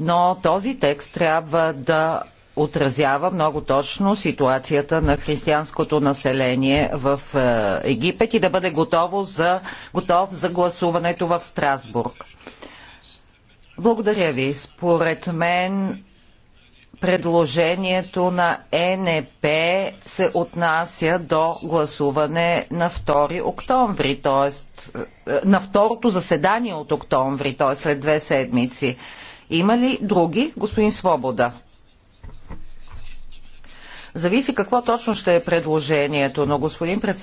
но този текст трябва да отразява много точно ситуацията на християнското население в е, Египет и да бъде готово за, готов за гласуването в Страсбург. Благодаря ви. Според мен предложението на ЕНП се отнася до гласуване на 2 октомври, т.е. Е, на второто заседание от октомври, т.е. след две седмици. Има ли други? Господин Свобода. Зависи какво точно ще е предложението, но господин председател,